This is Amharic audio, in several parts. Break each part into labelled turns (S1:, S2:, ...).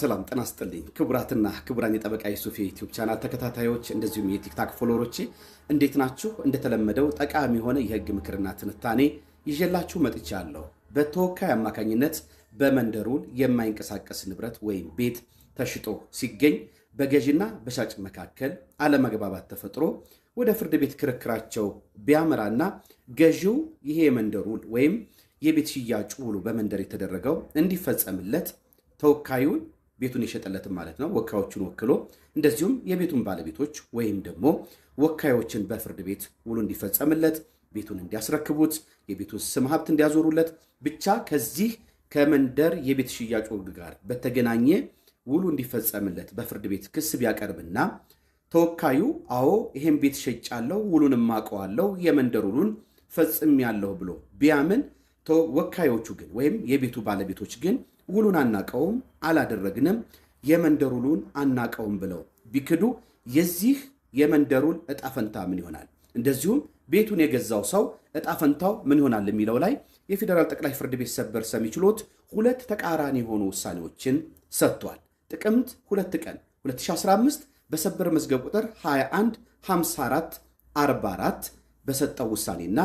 S1: ሰላም ሰላም፣ ጤና ይስጥልኝ ክቡራትና ክቡራን የጠበቃ የሱፍ የዩቲዩብ ቻናል ተከታታዮች እንደዚሁም የቲክታክ ፎሎወሮቼ እንዴት ናችሁ? እንደተለመደው ጠቃሚ የሆነ የህግ ምክርና ትንታኔ ይዤላችሁ መጥቻለሁ። በተወካይ አማካኝነት በመንደር ውል የማይንቀሳቀስ ንብረት ወይም ቤት ተሽጦ ሲገኝ በገዥና በሻጭ መካከል አለመግባባት ተፈጥሮ ወደ ፍርድ ቤት ክርክራቸው ቢያመራና ገዢው ይሄ የመንደር ውል ወይም የቤት ሽያጭ ውሉ በመንደር የተደረገው እንዲፈጸምለት ተወካዩን ቤቱን የሸጠለትም ማለት ነው ወካዮቹን ወክሎ እንደዚሁም የቤቱን ባለቤቶች ወይም ደግሞ ወካዮችን በፍርድ ቤት ውሉ እንዲፈጸምለት ቤቱን እንዲያስረክቡት የቤቱን ስም ሀብት እንዲያዞሩለት ብቻ ከዚህ ከመንደር የቤት ሽያጭ ውል ጋር በተገናኘ ውሉ እንዲፈጸምለት በፍርድ ቤት ክስ ቢያቀርብና ተወካዩ አዎ ይሄን ቤት ሸጫለሁ፣ ውሉን ማቀዋለሁ፣ የመንደር ውሉን ፈጽሜያለሁ ብሎ ቢያምን ወካዮቹ ግን ወይም የቤቱ ባለቤቶች ግን ውሉን አናቀውም፣ አላደረግንም፣ የመንደር ውሉን አናቀውም ብለው ቢክዱ የዚህ የመንደሩን እጣፈንታ ምን ይሆናል? እንደዚሁም ቤቱን የገዛው ሰው እጣፈንታው ምን ይሆናል የሚለው ላይ የፌዴራል ጠቅላይ ፍርድ ቤት ሰበር ሰሚ ችሎት ሁለት ተቃራኒ የሆኑ ውሳኔዎችን ሰጥቷል። ጥቅምት 2 ቀን 2015 በሰበር መዝገብ ቁጥር 21 54 44 በሰጠው ውሳኔና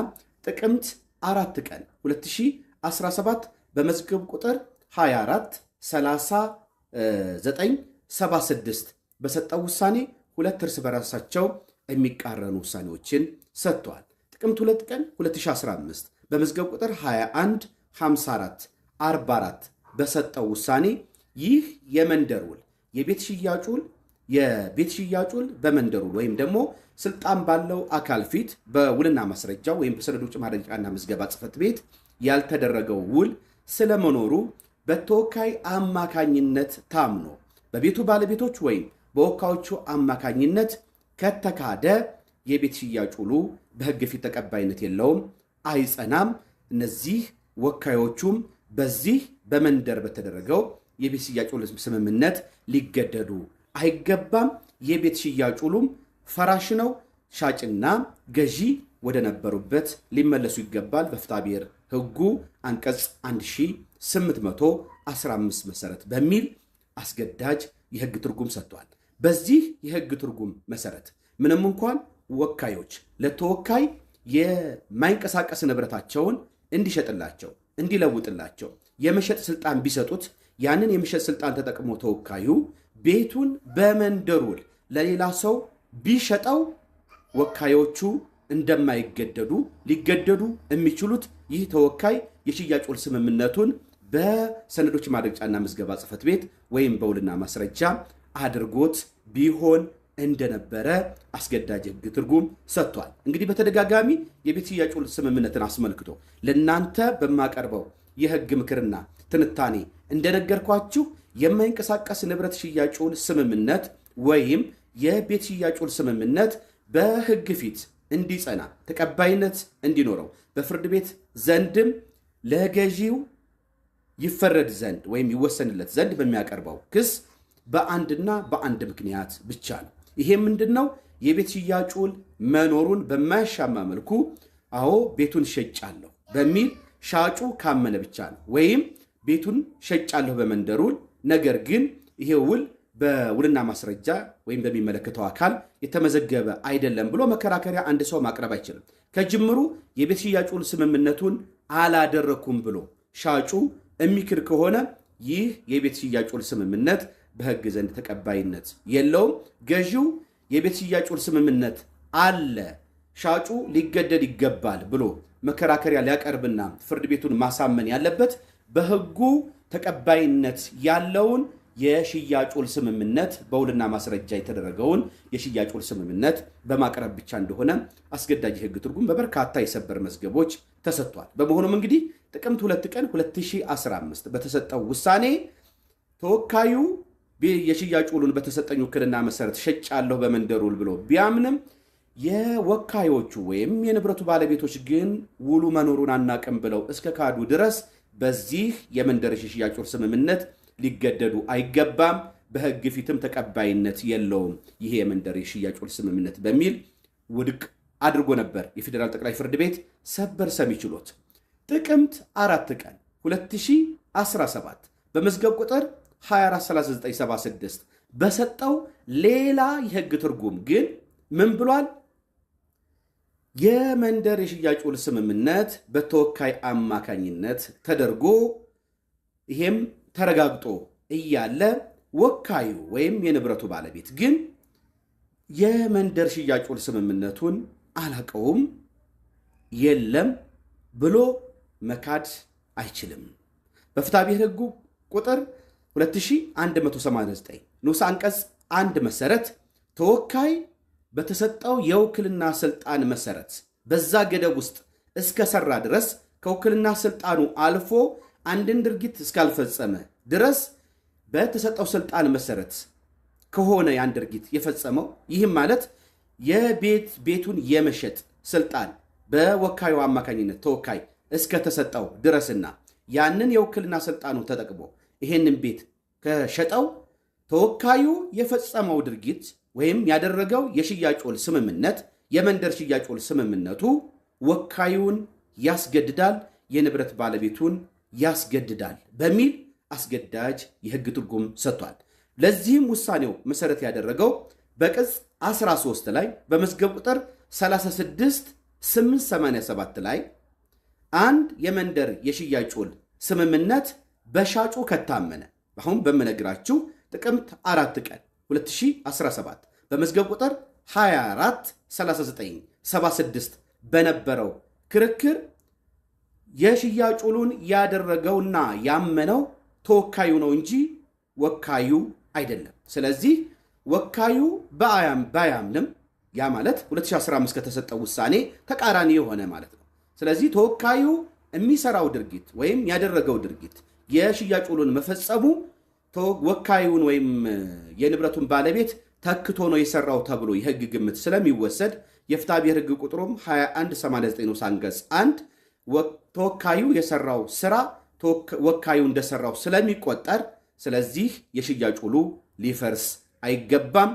S1: ጥቅምት 4 ቀን 2017 በመዝገብ ቁጥር 24 39 76 በሰጠው ውሳኔ ሁለት እርስ በራሳቸው የሚቃረኑ ውሳኔዎችን ሰጥተዋል። ጥቅምት 2 ቀን 2015 በመዝገብ ቁጥር 21 54 44 በሰጠው ውሳኔ ይህ የመንደር ውል የቤት ሽያጭ ውል የቤት ሽያጭ ውል በመንደር ውል ወይም ደግሞ ስልጣን ባለው አካል ፊት በውልና ማስረጃ ወይም በሰነዶች ማረጋገጫና ምዝገባ ጽሕፈት ቤት ያልተደረገው ውል ስለመኖሩ በተወካይ አማካኝነት ታምኖ በቤቱ ባለቤቶች ወይም በወካዮቹ አማካኝነት ከተካደ የቤት ሽያጭ ውሉ በሕግ ፊት ተቀባይነት የለውም፣ አይጸናም። እነዚህ ወካዮቹም በዚህ በመንደር በተደረገው የቤት ሽያጭ ውል ስምምነት ሊገደዱ አይገባም። የቤት ሽያጭ ውሉም ፈራሽ ነው። ሻጭና ገዢ ወደ ነበሩበት ሊመለሱ ይገባል። በፍትሐ ህጉ አንቀጽ 1815 መሰረት በሚል አስገዳጅ የህግ ትርጉም ሰጥቷል። በዚህ የህግ ትርጉም መሰረት ምንም እንኳን ወካዮች ለተወካይ የማይንቀሳቀስ ንብረታቸውን እንዲሸጥላቸው እንዲለውጥላቸው የመሸጥ ስልጣን ቢሰጡት ያንን የመሸጥ ስልጣን ተጠቅሞ ተወካዩ ቤቱን በመንደር ውል ለሌላ ሰው ቢሸጠው ወካዮቹ እንደማይገደዱ ሊገደዱ የሚችሉት ይህ ተወካይ የሽያጭ ውል ስምምነቱን በሰነዶች ማድረጫና ምዝገባ ጽፈት ቤት ወይም በውልና ማስረጃ አድርጎት ቢሆን እንደነበረ አስገዳጅ ህግ ትርጉም ሰጥቷል። እንግዲህ በተደጋጋሚ የቤት ሽያጭ ውል ስምምነትን አስመልክቶ ለእናንተ በማቀርበው የህግ ምክርና ትንታኔ እንደነገርኳችሁ የማይንቀሳቀስ ንብረት ሽያጭ ውል ስምምነት ወይም የቤት ሽያጭ ውል ስምምነት በህግ ፊት እንዲጸና ተቀባይነት እንዲኖረው በፍርድ ቤት ዘንድም ለገዢው ይፈረድ ዘንድ ወይም ይወሰንለት ዘንድ በሚያቀርበው ክስ በአንድና በአንድ ምክንያት ብቻ ነው። ይሄ ምንድን ነው? የቤት ሽያጭ ውል መኖሩን በማያሻማ መልኩ አዎ ቤቱን ሸጫለሁ በሚል ሻጩ ካመነ ብቻ ነው። ወይም ቤቱን ሸጫለሁ በመንደር ውል ነገር ግን ይሄ ውል በውልና ማስረጃ ወይም በሚመለከተው አካል የተመዘገበ አይደለም ብሎ መከራከሪያ አንድ ሰው ማቅረብ አይችልም። ከጅምሩ የቤት ሽያጩን ስምምነቱን አላደረኩም ብሎ ሻጩ የሚክድ ከሆነ ይህ የቤት ሽያጩን ስምምነት በሕግ ዘንድ ተቀባይነት የለውም። ገዢው የቤት ሽያጩን ስምምነት አለ ሻጩ ሊገደድ ይገባል ብሎ መከራከሪያ ሊያቀርብና ፍርድ ቤቱን ማሳመን ያለበት በሕጉ ተቀባይነት ያለውን የሽያጭ ውል ስምምነት በውልና ማስረጃ የተደረገውን የሽያጭ ውል ስምምነት በማቅረብ ብቻ እንደሆነ አስገዳጅ ህግ ትርጉም በበርካታ የሰበር መዝገቦች ተሰጥቷል። በመሆኑም እንግዲህ ጥቅምት ሁለት ቀን 2015 በተሰጠው ውሳኔ ተወካዩ የሽያጭ ውሉን በተሰጠኝ ውክልና መሰረት ሸጫለሁ በመንደር ውል ብሎ ቢያምንም የወካዮቹ ወይም የንብረቱ ባለቤቶች ግን ውሉ መኖሩን አናቅም ብለው እስከ ካዱ ድረስ በዚህ የመንደር የሽያጭ ውል ስምምነት ሊገደዱ አይገባም፣ በህግ ፊትም ተቀባይነት የለውም ይሄ የመንደር የሽያጭ ውል ስምምነት በሚል ውድቅ አድርጎ ነበር የፌዴራል ጠቅላይ ፍርድ ቤት ሰበር ሰሚ ችሎት ጥቅምት አራት ቀን 2017 በመዝገብ ቁጥር 243976 በሰጠው ሌላ የህግ ትርጉም ግን ምን ብሏል? የመንደር የሽያጭ ውል ስምምነት በተወካይ አማካኝነት ተደርጎ ይሄም ተረጋግጦ እያለ ወካዩ ወይም የንብረቱ ባለቤት ግን የመንደር ሽያጩን ስምምነቱን አላቀውም የለም ብሎ መካድ አይችልም። በፍትሐብሔር ሕጉ ቁጥር 2189 ንዑስ አንቀጽ አንድ መሰረት ተወካይ በተሰጠው የውክልና ስልጣን መሰረት በዛ ገደብ ውስጥ እስከሰራ ድረስ ከውክልና ስልጣኑ አልፎ አንድን ድርጊት እስካልፈጸመ ድረስ በተሰጠው ስልጣን መሰረት ከሆነ ያን ድርጊት የፈጸመው ይህም ማለት የቤት ቤቱን የመሸጥ ስልጣን በወካዩ አማካኝነት ተወካይ እስከተሰጠው ድረስና ያንን የውክልና ስልጣኑ ተጠቅሞ ይሄንን ቤት ከሸጠው ተወካዩ የፈጸመው ድርጊት ወይም ያደረገው የሽያጭ ውል ስምምነት የመንደር ሽያጭ ውል ስምምነቱ ወካዩን ያስገድዳል የንብረት ባለቤቱን ያስገድዳል በሚል አስገዳጅ የህግ ትርጉም ሰጥቷል። ለዚህም ውሳኔው መሰረት ያደረገው በቅጽ 13 ላይ በመዝገብ ቁጥር 36 887 ላይ አንድ የመንደር የሽያጭ ውል ስምምነት በሻጩ ከታመነ አሁን በምነግራችሁ ጥቅምት 4 ቀን 2017 በመዝገብ ቁጥር 24 39 76 በነበረው ክርክር የሽያጭ ውሉን ያደረገውና ያመነው ተወካዩ ነው እንጂ ወካዩ አይደለም። ስለዚህ ወካዩ ባያምንም ያ ማለት 2015 ከተሰጠው ውሳኔ ተቃራኒ የሆነ ማለት ነው። ስለዚህ ተወካዩ የሚሰራው ድርጊት ወይም ያደረገው ድርጊት የሽያጭ ውሉን መፈጸሙ ወካዩን ወይም የንብረቱን ባለቤት ተክቶ ነው የሰራው ተብሎ የህግ ግምት ስለሚወሰድ የፍትሐ ብሔር ህግ ቁጥሩም 2189 ንዑስ አንቀጽ 1 ተወካዩ የሰራው ስራ ወካዩ እንደሰራው ስለሚቆጠር፣ ስለዚህ የሽያጭ ውሉ ሊፈርስ አይገባም፣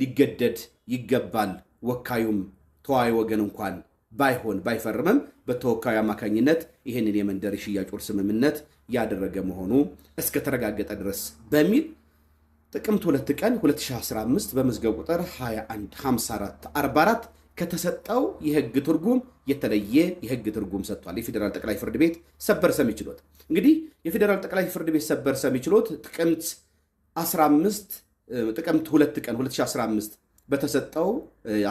S1: ሊገደድ ይገባል። ወካዩም ተዋይ ወገን እንኳን ባይሆን ባይፈርምም በተወካዩ አማካኝነት ይህንን የመንደር የሽያጭ ውል ስምምነት ያደረገ መሆኑ እስከተረጋገጠ ድረስ በሚል ጥቅምት 2 ቀን 2015 በመዝገብ ቁጥር 2154 ከተሰጠው የህግ ትርጉም የተለየ የህግ ትርጉም ሰጥቷል የፌዴራል ጠቅላይ ፍርድ ቤት ሰበር ሰሚ ችሎት። እንግዲህ የፌዴራል ጠቅላይ ፍርድ ቤት ሰበር ሰሚ ችሎት ጥቅምት 15 ጥቅምት 2 ቀን 2015 በተሰጠው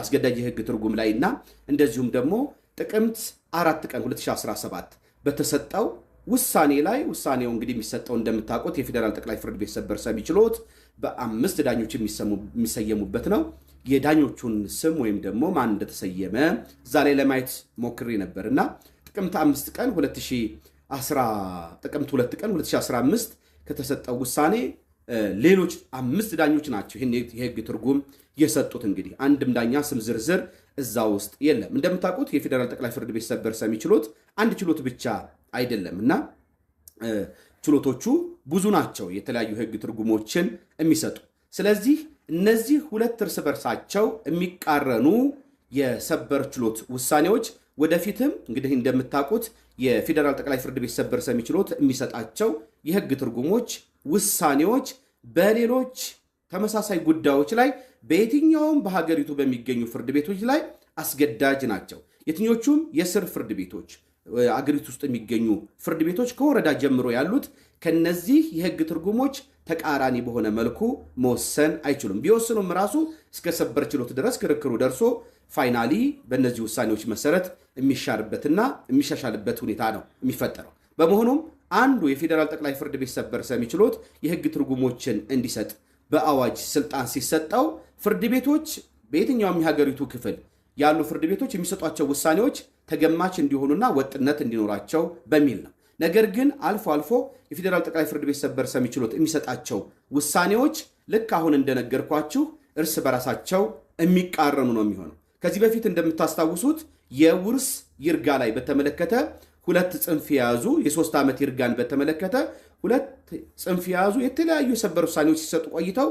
S1: አስገዳጅ የህግ ትርጉም ላይ እና እንደዚሁም ደግሞ ጥቅምት 4 ቀን 2017 በተሰጠው ውሳኔ ላይ ውሳኔው እንግዲህ የሚሰጠው እንደምታውቁት የፌዴራል ጠቅላይ ፍርድ ቤት ሰበር ሰሚ ችሎት በአምስት ዳኞች የሚሰየሙበት ነው። የዳኞቹን ስም ወይም ደግሞ ማን እንደተሰየመ እዛ ላይ ለማየት ሞክሬ ነበር እና ጥቅምት አምስት ቀን ጥቅምት ሁለት ቀን 2015 ከተሰጠው ውሳኔ ሌሎች አምስት ዳኞች ናቸው ይህን የህግ ትርጉም የሰጡት። እንግዲህ አንድም ዳኛ ስም ዝርዝር እዛ ውስጥ የለም። እንደምታውቁት የፌዴራል ጠቅላይ ፍርድ ቤት ሰበር ሰሚ ችሎት አንድ ችሎት ብቻ አይደለም እና ችሎቶቹ ብዙ ናቸው የተለያዩ ህግ ትርጉሞችን የሚሰጡ ስለዚህ እነዚህ ሁለት እርስ በርሳቸው የሚቃረኑ የሰበር ችሎት ውሳኔዎች ወደፊትም እንግዲህ እንደምታውቁት የፌዴራል ጠቅላይ ፍርድ ቤት ሰበር ሰሚ ችሎት የሚሰጣቸው የህግ ትርጉሞች፣ ውሳኔዎች በሌሎች ተመሳሳይ ጉዳዮች ላይ በየትኛውም በሀገሪቱ በሚገኙ ፍርድ ቤቶች ላይ አስገዳጅ ናቸው። የትኞቹም የስር ፍርድ ቤቶች አገሪቱ ውስጥ የሚገኙ ፍርድ ቤቶች ከወረዳ ጀምሮ ያሉት ከነዚህ የህግ ትርጉሞች ተቃራኒ በሆነ መልኩ መወሰን አይችሉም። ቢወስኑም ራሱ እስከ ሰበር ችሎት ድረስ ክርክሩ ደርሶ ፋይናሊ በእነዚህ ውሳኔዎች መሰረት የሚሻርበትና የሚሻሻልበት ሁኔታ ነው የሚፈጠረው። በመሆኑም አንዱ የፌዴራል ጠቅላይ ፍርድ ቤት ሰበር ሰሚ ችሎት የህግ ትርጉሞችን እንዲሰጥ በአዋጅ ስልጣን ሲሰጠው ፍርድ ቤቶች በየትኛውም የሀገሪቱ ክፍል ያሉ ፍርድ ቤቶች የሚሰጧቸው ውሳኔዎች ተገማች እንዲሆኑና ወጥነት እንዲኖራቸው በሚል ነው። ነገር ግን አልፎ አልፎ የፌዴራል ጠቅላይ ፍርድ ቤት ሰበር ሰሚ ችሎት የሚሰጣቸው ውሳኔዎች ልክ አሁን እንደነገርኳችሁ እርስ በራሳቸው የሚቃረኑ ነው የሚሆነው። ከዚህ በፊት እንደምታስታውሱት የውርስ ይርጋ ላይ በተመለከተ ሁለት ጽንፍ የያዙ የሶስት ዓመት ይርጋን በተመለከተ ሁለት ጽንፍ የያዙ የተለያዩ የሰበር ውሳኔዎች ሲሰጡ ቆይተው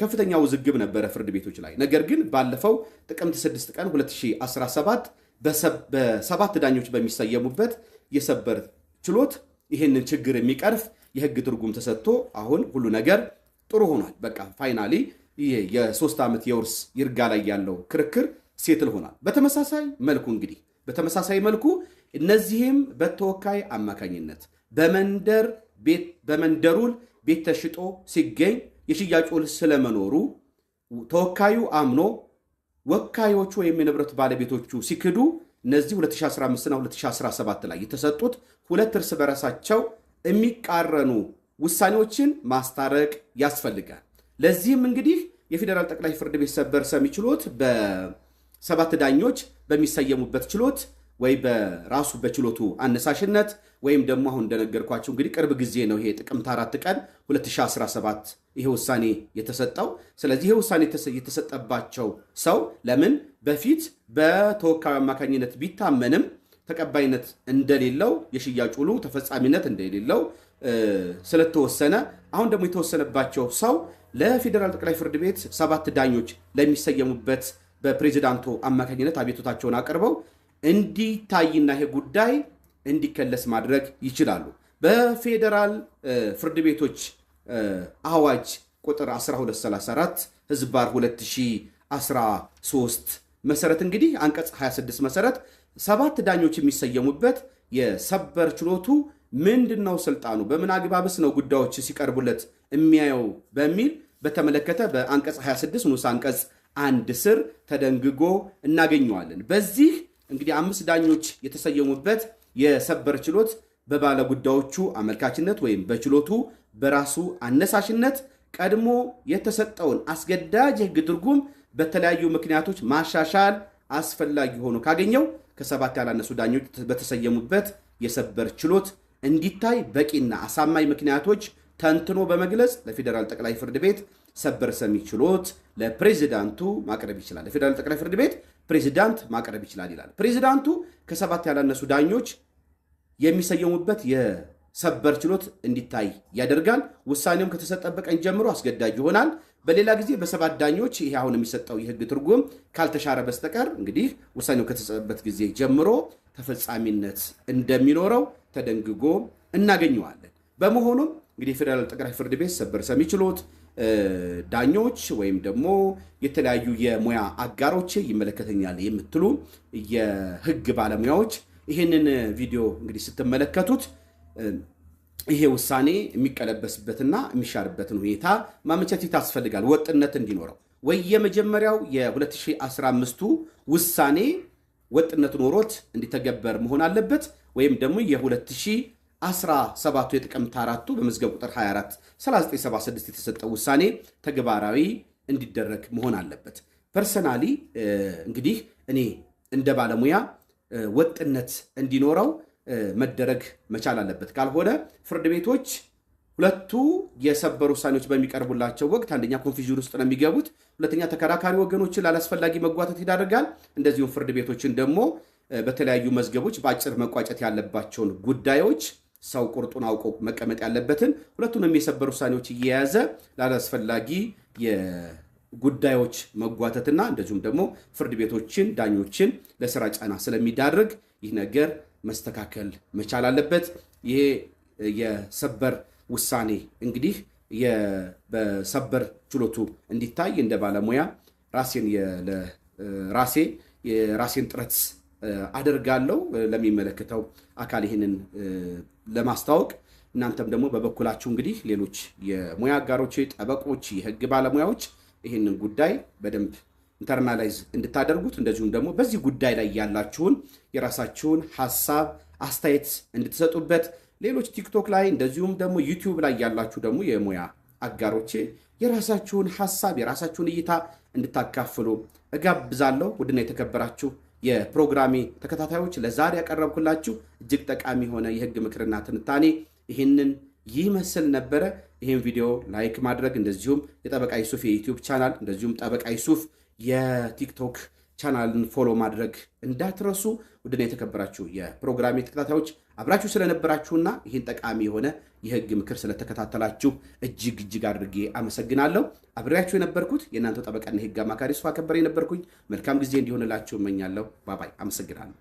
S1: ከፍተኛ ውዝግብ ነበረ ፍርድ ቤቶች ላይ። ነገር ግን ባለፈው ጥቅምት 6 ቀን 2017 በሰባት ዳኞች በሚሰየሙበት የሰበር ችሎት ይሄንን ችግር የሚቀርፍ የህግ ትርጉም ተሰጥቶ አሁን ሁሉ ነገር ጥሩ ሆኗል። በቃ ፋይናሊ ይሄ የሶስት ዓመት የውርስ ይርጋ ላይ ያለው ክርክር ሴትል ሆኗል። በተመሳሳይ መልኩ እንግዲህ በተመሳሳይ መልኩ እነዚህም በተወካይ አማካኝነት በመንደር ቤት በመንደሩ ቤት ተሽጦ ሲገኝ የሽያጭ ውል ስለመኖሩ ተወካዩ አምኖ ወካዮቹ ወይም የንብረት ባለቤቶቹ ሲክዱ እነዚህ 2015ና 2017 ላይ የተሰጡት ሁለት እርስ በራሳቸው የሚቃረኑ ውሳኔዎችን ማስታረቅ ያስፈልጋል። ለዚህም እንግዲህ የፌዴራል ጠቅላይ ፍርድ ቤት ሰበር ሰሚ ችሎት በሰባት ዳኞች በሚሰየሙበት ችሎት ወይ በራሱ በችሎቱ አነሳሽነት ወይም ደግሞ አሁን እንደነገርኳቸው እንግዲህ ቅርብ ጊዜ ነው ይሄ ጥቅምት አራት ቀን 2017 ይሄ ውሳኔ የተሰጠው። ስለዚህ ይሄ ውሳኔ የተሰጠባቸው ሰው ለምን በፊት በተወካዩ አማካኝነት ቢታመንም ተቀባይነት እንደሌለው የሽያጭ ውሉ ተፈጻሚነት እንደሌለው ስለተወሰነ አሁን ደግሞ የተወሰነባቸው ሰው ለፌዴራል ጠቅላይ ፍርድ ቤት ሰባት ዳኞች ለሚሰየሙበት በፕሬዚዳንቱ አማካኝነት አቤቱታቸውን አቅርበው እንዲታይና ይሄ ጉዳይ እንዲከለስ ማድረግ ይችላሉ። በፌዴራል ፍርድ ቤቶች አዋጅ ቁጥር 1234 ህዝባር 2013 መሰረት እንግዲህ አንቀጽ 26 መሰረት ሰባት ዳኞች የሚሰየሙበት የሰበር ችሎቱ ምንድን ነው ስልጣኑ፣ በምን አግባብስ ነው ጉዳዮች ሲቀርቡለት የሚያየው በሚል በተመለከተ በአንቀጽ 26 ንዑስ አንቀጽ አንድ ስር ተደንግጎ እናገኘዋለን። በዚህ እንግዲህ አምስት ዳኞች የተሰየሙበት የሰበር ችሎት በባለጉዳዮቹ አመልካችነት ወይም በችሎቱ በራሱ አነሳሽነት ቀድሞ የተሰጠውን አስገዳጅ የህግ ትርጉም በተለያዩ ምክንያቶች ማሻሻል አስፈላጊ ሆኖ ካገኘው ከሰባት ያላነሱ ዳኞች በተሰየሙበት የሰበር ችሎት እንዲታይ በቂና አሳማኝ ምክንያቶች ተንትኖ በመግለጽ ለፌዴራል ጠቅላይ ፍርድ ቤት ሰበር ሰሚ ችሎት ለፕሬዚዳንቱ ማቅረብ ይችላል። ለፌዴራል ጠቅላይ ፍርድ ቤት ፕሬዚዳንት ማቅረብ ይችላል ይላል። ፕሬዚዳንቱ ከሰባት ያላነሱ ዳኞች የሚሰየሙበት የሰበር ችሎት እንዲታይ ያደርጋል። ውሳኔውም ከተሰጠበት ቀን ጀምሮ አስገዳጅ ይሆናል። በሌላ ጊዜ በሰባት ዳኞች ይሄ አሁን የሚሰጠው የህግ ትርጉም ካልተሻረ በስተቀር እንግዲህ ውሳኔው ከተሰጠበት ጊዜ ጀምሮ ተፈጻሚነት እንደሚኖረው ተደንግጎ እናገኘዋለን። በመሆኑም እንግዲህ የፌዴራል ጠቅላይ ፍርድ ቤት ሰበር ሰሚ ችሎት ዳኞች ወይም ደግሞ የተለያዩ የሙያ አጋሮች ይመለከተኛል የምትሉ የህግ ባለሙያዎች ይህንን ቪዲዮ እንግዲህ ስትመለከቱት ይሄ ውሳኔ የሚቀለበስበትና የሚሻርበትን ሁኔታ ማመቻቸት ያስፈልጋል፣ ወጥነት እንዲኖረው ወይ የመጀመሪያው የ2015ቱ ውሳኔ ወጥነት ኖሮት እንዲተገበር መሆን አለበት ወይም ደግሞ የ2000 17 ሰባቱ የጥቅምት አራቱ በመዝገብ ቁጥር 24 3976 የተሰጠው ውሳኔ ተግባራዊ እንዲደረግ መሆን አለበት። ፐርሰናሊ እንግዲህ እኔ እንደ ባለሙያ ወጥነት እንዲኖረው መደረግ መቻል አለበት። ካልሆነ ፍርድ ቤቶች ሁለቱ የሰበር ውሳኔዎች በሚቀርቡላቸው ወቅት አንደኛ ኮንፊዥን ውስጥ ነው የሚገቡት፣ ሁለተኛ ተከራካሪ ወገኖችን ላላስፈላጊ መጓተት ይዳርጋል። እንደዚሁም ፍርድ ቤቶችን ደግሞ በተለያዩ መዝገቦች በአጭር መቋጨት ያለባቸውን ጉዳዮች ሰው ቁርጡን አውቆ መቀመጥ ያለበትን ሁለቱንም የሰበር ውሳኔዎች እየያዘ ላላስፈላጊ ጉዳዮች መጓተትና እንደዚሁም ደግሞ ፍርድ ቤቶችን፣ ዳኞችን ለስራ ጫና ስለሚዳርግ ይህ ነገር መስተካከል መቻል አለበት። ይሄ የሰበር ውሳኔ እንግዲህ በሰበር ችሎቱ እንዲታይ እንደ ባለሙያ ራሴን ራሴ የራሴን ጥረት አደርጋለሁ። ለሚመለከተው አካል ይህንን ለማስታወቅ እናንተም ደግሞ በበኩላችሁ እንግዲህ ሌሎች የሙያ አጋሮች፣ ጠበቆች፣ የህግ ባለሙያዎች ይህንን ጉዳይ በደንብ ኢንተርናላይዝ እንድታደርጉት እንደዚሁም ደግሞ በዚህ ጉዳይ ላይ ያላችሁን የራሳችሁን ሀሳብ አስተያየት እንድትሰጡበት ሌሎች ቲክቶክ ላይ እንደዚሁም ደግሞ ዩቲዩብ ላይ ያላችሁ ደግሞ የሙያ አጋሮቼ የራሳችሁን ሀሳብ የራሳችሁን እይታ እንድታካፍሉ እጋብዛለሁ። ውድና የተከበራችሁ የፕሮግራሚ ተከታታዮች ለዛሬ ያቀረብኩላችሁ እጅግ ጠቃሚ የሆነ የህግ ምክርና ትንታኔ ይህንን ይመስል ነበረ። ይህን ቪዲዮ ላይክ ማድረግ እንደዚሁም የጠበቃ ይሱፍ የዩቲዩብ ቻናል እንደዚሁም ጠበቃ ይሱፍ የቲክቶክ ቻናልን ፎሎ ማድረግ እንዳትረሱ። ውድና የተከበራችሁ የፕሮግራሚ ተከታታዮች አብራችሁ ስለነበራችሁና ይህን ጠቃሚ የሆነ የህግ ምክር ስለተከታተላችሁ እጅግ እጅግ አድርጌ አመሰግናለሁ። አብሬያችሁ የነበርኩት የእናንተ ጠበቃና የህግ አማካሪ ሱፋ ከበረ የነበርኩኝ። መልካም ጊዜ እንዲሆንላችሁ እመኛለሁ። ባባይ አመሰግናለሁ።